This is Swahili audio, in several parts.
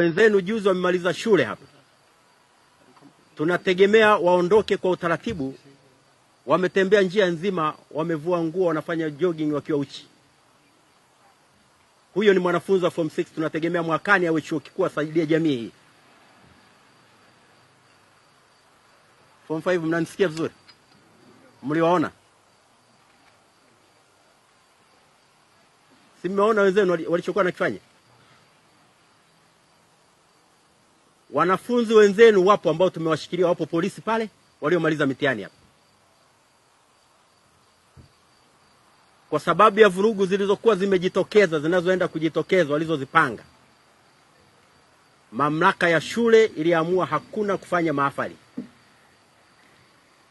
Wenzenu juzi wamemaliza shule hapa, tunategemea waondoke kwa utaratibu. Wametembea njia nzima, wamevua nguo, wanafanya jogging wakiwa uchi. Huyo ni mwanafunzi wa form 6, tunategemea mwakani awe chuo kikuu asaidie jamii hii. Form 5, mnanisikia vizuri? Mliwaona? Si mmeona wenzenu walichokuwa nakifanya? Wanafunzi wenzenu wapo ambao tumewashikilia, wapo polisi pale waliomaliza mitihani hapa, kwa sababu ya vurugu zilizokuwa zimejitokeza, zinazoenda kujitokeza, walizozipanga. Mamlaka ya shule iliamua hakuna kufanya mahafali,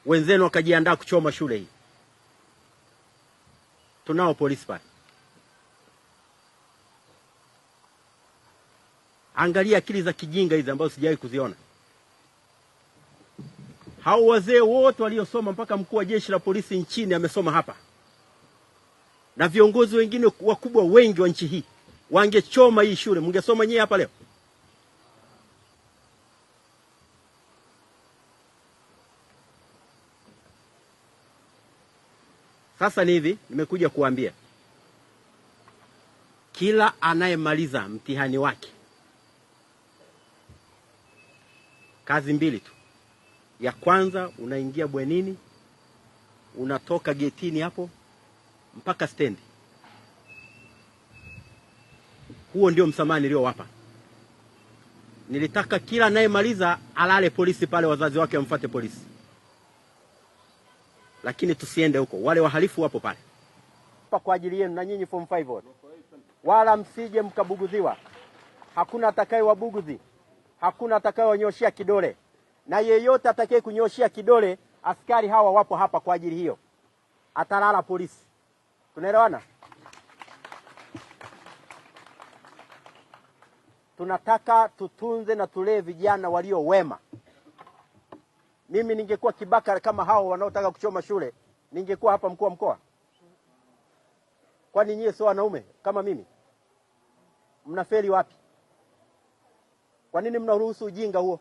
wenzenu wakajiandaa kuchoma shule hii. Tunao polisi pale. Angalia akili za kijinga hizi ambazo sijawahi kuziona. Hao wazee wote waliosoma, mpaka mkuu wa jeshi la polisi nchini amesoma hapa, na viongozi wengine wakubwa wengi wa nchi hii. Wangechoma hii shule, mngesoma nyie hapa leo? Sasa ni hivi, nimekuja kuambia kila anayemaliza mtihani wake kazi mbili tu. Ya kwanza unaingia bwenini, unatoka getini hapo mpaka stendi. Huo ndio msamaha niliowapa. Nilitaka kila anayemaliza alale polisi pale, wazazi wake wamfuate polisi, lakini tusiende huko, wale wahalifu wapo pale kwa ajili yenu na nyinyi form 5 wote, wala msije mkabuguziwa, hakuna atakayewabuguzi hakuna atakayonyoshia kidole, na yeyote atakaye kunyoshia kidole, askari hawa wapo hapa kwa ajili hiyo, atalala polisi. Tunaelewana? Tunataka tutunze na tulee vijana walio wema. Mimi ningekuwa kibaka kama hao wanaotaka kuchoma shule, ningekuwa hapa mkuu wa mkoa? Kwani nyie sio wanaume kama mimi? Mnafeli wapi? Kwa nini mnaruhusu ujinga huo?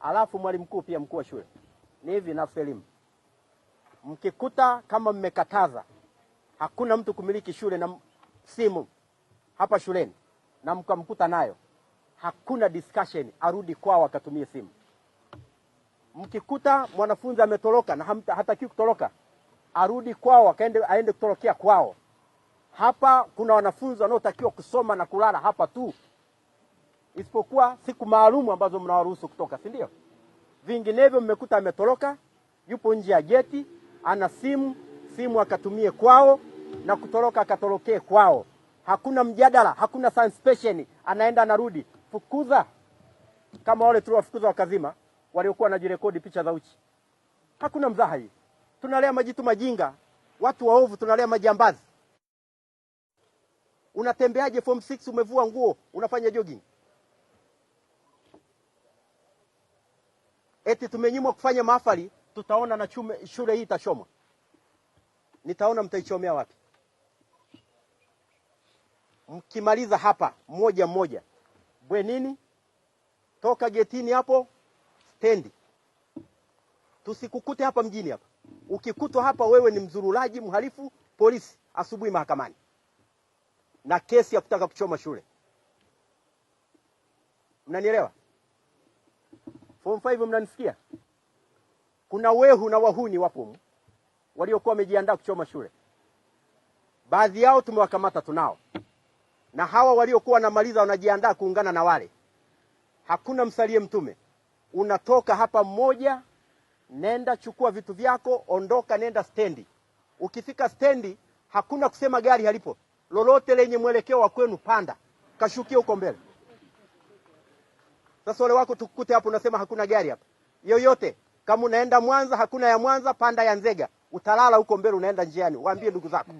Alafu mwalimu mkuu pia mkuu wa shule, ni hivi nafsi elimu, mkikuta kama mmekataza hakuna mtu kumiliki shule na simu hapa shuleni na mkamkuta nayo, hakuna discussion, arudi kwao akatumie simu. Mkikuta mwanafunzi ametoroka na hataki kutoroka, arudi kwao akaende, aende kutorokea kwao. Hapa kuna wanafunzi wanaotakiwa kusoma na kulala hapa tu isipokuwa siku maalumu ambazo mnawaruhusu kutoka, si ndio? Vinginevyo mmekuta ametoroka, yupo nje ya geti, ana simu, simu akatumie kwao na kutoroka akatorokee kwao. Hakuna mjadala, hakuna suspension, anaenda anarudi. Fukuza kama wale tuliwafukuza wakazima, waliokuwa wanajirekodi picha za uchi. Hakuna mzaha hii, tunalea majitu majinga, watu waovu, tunalea majambazi. Unatembeaje form 6 umevua nguo, unafanya jogging? eti tumenyimwa kufanya mahafali, tutaona na chume, shule hii itachomwa. Nitaona mtaichomea wapi? Mkimaliza hapa moja moja, bwenini, toka getini hapo stendi, tusikukute hapa mjini hapa. Ukikutwa hapa, wewe ni mzurulaji, mhalifu, polisi, asubuhi mahakamani na kesi ya kutaka kuchoma shule. Mnanielewa? Form 5 mnanisikia? Kuna wehu na wahuni wapo waliokuwa wamejiandaa kuchoma shule. Baadhi yao tumewakamata, tunao na hawa waliokuwa wanamaliza wanajiandaa kuungana na wale. Hakuna msalie mtume. Unatoka hapa mmoja, nenda chukua vitu vyako, ondoka, nenda stendi. Ukifika stendi, hakuna kusema gari halipo lolote lenye mwelekeo wa kwenu, panda kashukia huko mbele. Sasa wale wako tukukute hapo unasema hakuna gari hapa yoyote. Kama unaenda Mwanza, hakuna ya Mwanza, panda ya Nzega, utalala huko mbele, unaenda njiani. Waambie ndugu zako.